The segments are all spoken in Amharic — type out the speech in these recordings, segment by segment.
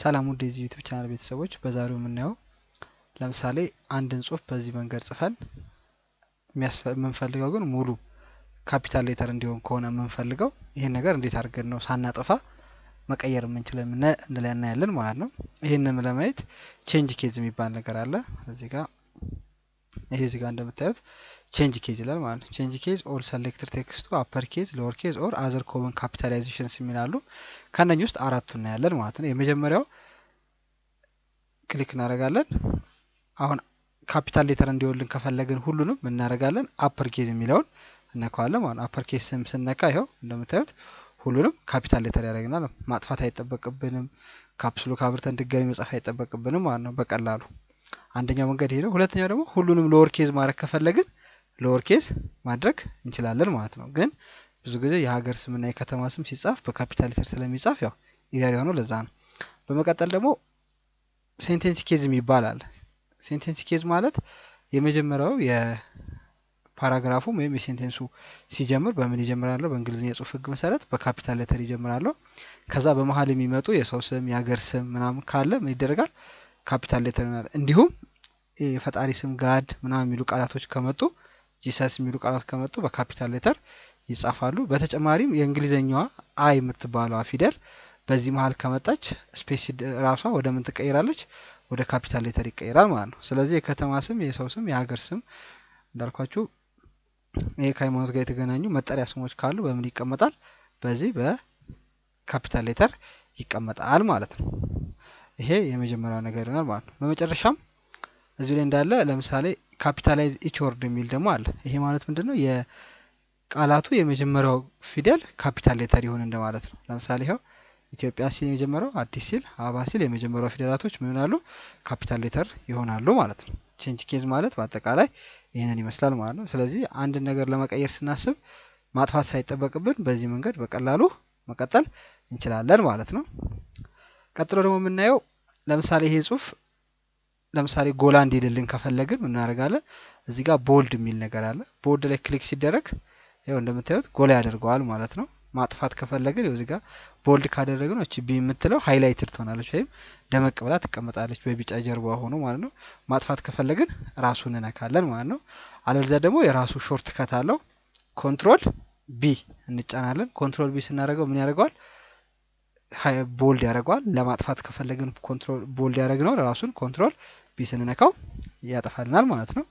ሰላም ውድ የዚህ ዩቲዩብ ቻናል ቤተሰቦች፣ በዛሬው የምናየው ለምሳሌ አንድን ጽሁፍ በዚህ መንገድ ጽፈን የምንፈልገው ግን ሙሉ ካፒታል ሌተር እንዲሆን ከሆነ የምንፈልገው ይህን ነገር እንዴት አድርገን ነው ሳናጠፋ መቀየር የምንችለው ላይ እናያለን ማለት ነው። ይህንም ለማየት ቼንጅ ኬዝ የሚባል ነገር አለ። እዚህ ጋ ይሄ እዚህ ጋ እንደምታዩት ቼንጅ ኬዝ ይላል ማለት ነው። ቼንጅ ኬዝ ኦር ሰሌክትር ቴክስቱ አፐር ኬዝ፣ ሎወር ኬዝ ኦር አዘር ኮመን ካፒታላይዜሽንስ የሚላሉ ከእነኚህ ውስጥ አራቱ እናያለን ማለት ነው። የመጀመሪያው ክሊክ እናደርጋለን። አሁን ካፒታል ሌተር እንዲሆንልን ከፈለግን ሁሉንም እናደርጋለን። አፐር ኬዝ የሚለውን እነካዋለን ማለት ነው። አፐር ኬዝ ስም ስነካ ይኸው እንደምታዩት ሁሉንም ካፒታል ሌተር ያደርግናል። ማጥፋት አይጠበቅብንም። ካፕስሉ ካብርተን ድጋሚ መጻፍ አይጠበቅብንም ማለት ነው በቀላሉ አንደኛው መንገድ ይሄ ነው። ሁለተኛው ደግሞ ሁሉንም ሎወር ኬዝ ማድረግ ከፈለግን ሎወር ኬስ ማድረግ እንችላለን ማለት ነው። ግን ብዙ ጊዜ የሀገር ስምና የከተማ ስም ሲጻፍ በካፒታል ሌተር ስለሚጻፍ ያው ኢዘር የሆነው ለዛ ነው። በመቀጠል ደግሞ ሴንቴንስ ኬዝም ይባላል። ሴንቴንስ ኬዝ ማለት የመጀመሪያው የፓራግራፉም ወይም የሴንቴንሱ ሲጀምር በምን ይጀምራለሁ? በእንግሊዝኛ የጽሁፍ ህግ መሰረት በካፒታል ሌተር ይጀምራለሁ። ከዛ በመሀል የሚመጡ የሰው ስም፣ የሀገር ስም ምናምን ካለ ምን ይደረጋል? ካፒታል ሌተር ይሆናል። እንዲሁም የፈጣሪ ስም ጋድ ምናምን የሚሉ ቃላቶች ከመጡ ጂሰስ የሚሉ ቃላት ከመጡ በካፒታል ሌተር ይጻፋሉ። በተጨማሪም የእንግሊዝኛዋ አይ የምትባለዋ ፊደል በዚህ መሀል ከመጣች ስፔስ ራሷ ወደ ምን ትቀይራለች? ወደ ካፒታል ሌተር ይቀይራል ማለት ነው። ስለዚህ የከተማ ስም፣ የሰው ስም፣ የሀገር ስም እንዳልኳችሁ ይሄ ከሃይማኖት ጋር የተገናኙ መጠሪያ ስሞች ካሉ በምን ይቀመጣል? በዚህ በካፒታል ሌተር ይቀመጣል ማለት ነው። ይሄ የመጀመሪያው ነገር ይሆናል ማለት ነው። በመጨረሻም እዚሁ ላይ እንዳለ ለምሳሌ ካፒታላይዝ ኢች ወርድ የሚል ደግሞ አለ። ይሄ ማለት ምንድን ነው? የቃላቱ የመጀመሪያው ፊደል ካፒታል ሌተር ይሁን እንደማለት ነው። ለምሳሌ ይኸው ኢትዮጵያ ሲል የመጀመሪያው፣ አዲስ ሲል፣ አበባ ሲል የመጀመሪያው ፊደላቶች ምን ይሆናሉ? ካፒታል ሌተር ይሆናሉ ማለት ነው። ቼንጅ ኬዝ ማለት በአጠቃላይ ይህንን ይመስላል ማለት ነው። ስለዚህ አንድን ነገር ለመቀየር ስናስብ ማጥፋት ሳይጠበቅብን በዚህ መንገድ በቀላሉ መቀጠል እንችላለን ማለት ነው። ቀጥሎ ደግሞ የምናየው ለምሳሌ ይሄ ጽሁፍ ለምሳሌ ጎላ እንዲልልን ከፈለግን እናደርጋለን? እዚህ ጋር ቦልድ የሚል ነገር አለ። ቦልድ ላይ ክሊክ ሲደረግ ይኸው እንደምታዩት ጎላ ያደርገዋል ማለት ነው። ማጥፋት ከፈለግን ይኸው እዚህ ጋር ቦልድ ካደረግን እቺ ቢ የምትለው ሃይላይትድ ትሆናለች ወይም ደመቅ ብላ ትቀመጣለች በቢጫ ጀርባ ሆኖ ማለት ነው። ማጥፋት ከፈለግን ራሱን እነካለን ማለት ነው። አለበለዚያ ደግሞ የራሱ ሾርት ከት አለው። ኮንትሮል ቢ እንጫናለን። ኮንትሮል ቢ ስናደርገው ምን ያደርገዋል? ቦልድ ያደርገዋል። ለማጥፋት ከፈለግን ኮንትሮል ቦልድ ነው ራሱን ኮንትሮል ቢ ስንነካው ያጠፋልናል ማለት ነው።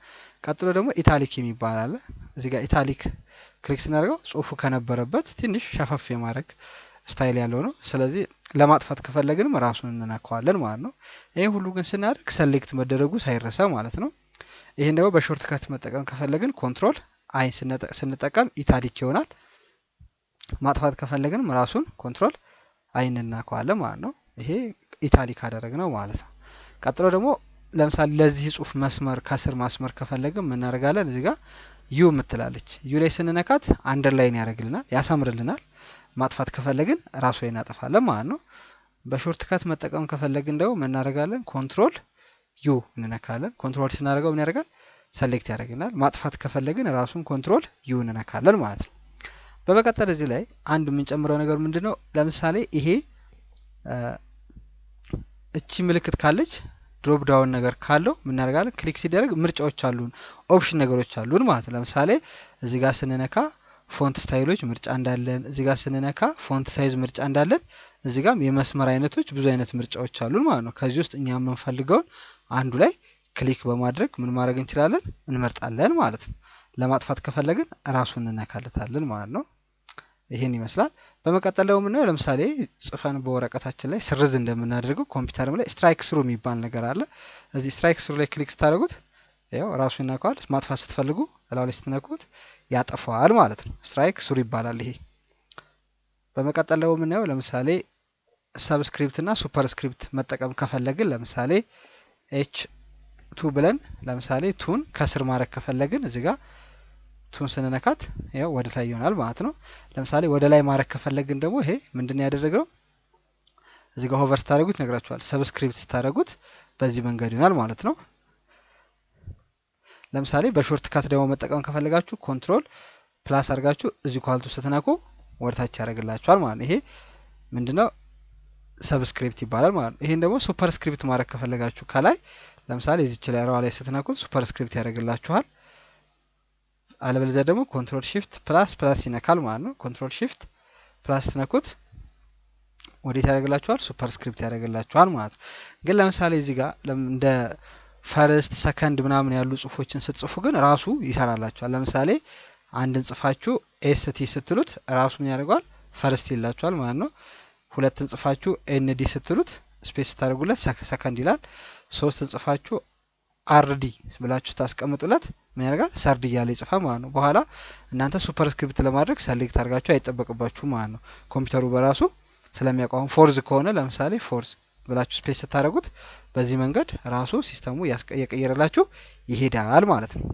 ቀጥሎ ደግሞ ኢታሊክ የሚባል አለ። እዚህ ጋር ኢታሊክ ክሊክ ስናደርገው ጽሁፉ ከነበረበት ትንሽ ሸፈፍ የማድረግ ስታይል ያለው ነው። ስለዚህ ለማጥፋት ከፈለግንም ራሱን እንነካዋለን ማለት ነው። ይህ ሁሉ ግን ስናደርግ ሰሌክት መደረጉ ሳይረሳ ማለት ነው። ይህን ደግሞ በሾርት ከት መጠቀም ከፈለግን ኮንትሮል አይ ስንጠቀም ኢታሊክ ይሆናል። ማጥፋት ከፈለግንም ራሱን ኮንትሮል አይ እንናከዋለን ማለት ነው። ይሄ ኢታሊክ አደረግ ነው ማለት ነው። ቀጥሎ ደግሞ ለምሳሌ ለዚህ ጽሁፍ መስመር ከስር ማስመር ከፈለግን እናደርጋለን። እዚህ ጋር ዩ የምትላለች ዩ ላይ ስንነካት አንደርላይን ያደርግልናል፣ ያሳምርልናል። ማጥፋት ከፈለግን ራሱ ላይ እናጠፋለን ማለት ነው። በሾርት ካት መጠቀም ከፈለግን ደግሞ እናደርጋለን ኮንትሮል ዩ እንነካለን። ኮንትሮል ስናደርገው ምን ያደርጋል? ሰሌክት ያደርግናል። ማጥፋት ከፈለግን ራሱን ኮንትሮል ዩ እንነካለን ማለት ነው። በመቀጠል እዚህ ላይ አንድ የምንጨምረው ነገር ምንድን ነው? ለምሳሌ ይሄ እቺ ምልክት ካለች ድሮፕ ዳውን ነገር ካለው ምናደርጋለን ክሊክ ሲደረግ ምርጫዎች አሉን ኦፕሽን ነገሮች አሉን ማለት ነው። ለምሳሌ እዚህ ጋር ስንነካ ፎንት ስታይሎች ምርጫ እንዳለን እዚህ ጋር ስንነካ ፎንት ሳይዝ ምርጫ እንዳለን እዚህ ጋም የመስመር አይነቶች ብዙ አይነት ምርጫዎች አሉን ማለት ነው። ከዚህ ውስጥ እኛ የምንፈልገውን አንዱ ላይ ክሊክ በማድረግ ምን ማድረግ እንችላለን እንመርጣለን ማለት ነው። ለማጥፋት ከፈለግን እራሱ እንነካለታለን ማለት ነው። ይሄን ይመስላል። በመቀጠል ደግሞ ለምሳሌ ጽፈን በወረቀታችን ላይ ስርዝ እንደምናደርገው ኮምፒውተርም ላይ ስትራይክ ስሩ የሚባል ነገር አለ። እዚህ ስትራይክ ስሩ ላይ ክሊክ ስታደርጉት ያው ራሱ ይነካዋል። ማጥፋት ስትፈልጉ እላው ላይ ስትነኩት ያጠፋዋል ማለት ነው። ስትራይክ ስሩ ይባላል ይሄ። በመቀጠል ደግሞ ለምሳሌ ሰብስክሪፕት እና ሱፐር ስክሪፕት መጠቀም ከፈለግን ለምሳሌ ኤች ቱ ብለን ለምሳሌ ቱን ከስር ማድረግ ከፈለግን እዚህ ጋር ቱን ስንነካት ያው ወደ ላይ ይሆናል ማለት ነው። ለምሳሌ ወደ ላይ ማድረግ ከፈለግን ደግሞ ይሄ ምንድን ያደረገው? እዚህ ጋር ሆቨር ስታደረጉት ይነግራችኋል። ሰብስክሪፕት ስታደረጉት በዚህ መንገድ ይሆናል ማለት ነው። ለምሳሌ በሾርት ካት ደግሞ መጠቀም ከፈለጋችሁ ኮንትሮል ፕላስ አድርጋችሁ እዚህ ኳልቱ ስትነኩ ወደታች ያደርግላችኋል ማለት ነው። ይሄ ምንድነው ሰብስክሪፕት ይባላል ማለት ነው። ይሄን ደግሞ ሱፐርስክሪፕት ማድረግ ከፈለጋችሁ ከላይ ለምሳሌ እዚች ላይ ረዋ ላይ ስትነኩት ሱፐርስክሪፕት ያደርግላችኋል። አለበለዚያ ደግሞ ኮንትሮል ሺፍት ፕላስ ፕላስ ይነካል ማለት ነው። ኮንትሮል ሺፍት ፕላስ ትነኩት ወዴት ያደርግላችኋል? ስክሪፕት ያደርግላችኋል ማለት ነው። ግን ለምሳሌ እዚህ ጋር እንደ ፈርስት ሰከንድ ምናምን ያሉ ጽሁፎችን ስትጽፉ ግን ራሱ ይሰራላችኋል። ለምሳሌ አንድን ጽፋችሁ ኤስቲ ስትሉት ራሱ ምን ያደርገዋል? ፈርስት ይላችኋል ማለት ነው። ሁለትን ጽፋችሁ ኤንዲ ስትሉት ስፔስ ስታደርጉለት ሰከንድ ይላል። ሶስትን ጽፋችሁ አርዲ ብላችሁ ታስቀምጡለት ምን ያደርጋል ሰርድ እያለ ይጽፋል ማለት ነው። በኋላ እናንተ ሱፐር ስክሪፕት ለማድረግ ሰሌክት አድርጋችሁ አይጠበቅባችሁ ማለት ነው። ኮምፒውተሩ በራሱ ስለሚያቋቋም ፎርዝ ከሆነ ለምሳሌ ፎርዝ ብላችሁ ስፔስ ስታደረጉት በዚህ መንገድ ራሱ ሲስተሙ እየቀየረላችሁ ይሄዳል ማለት ነው።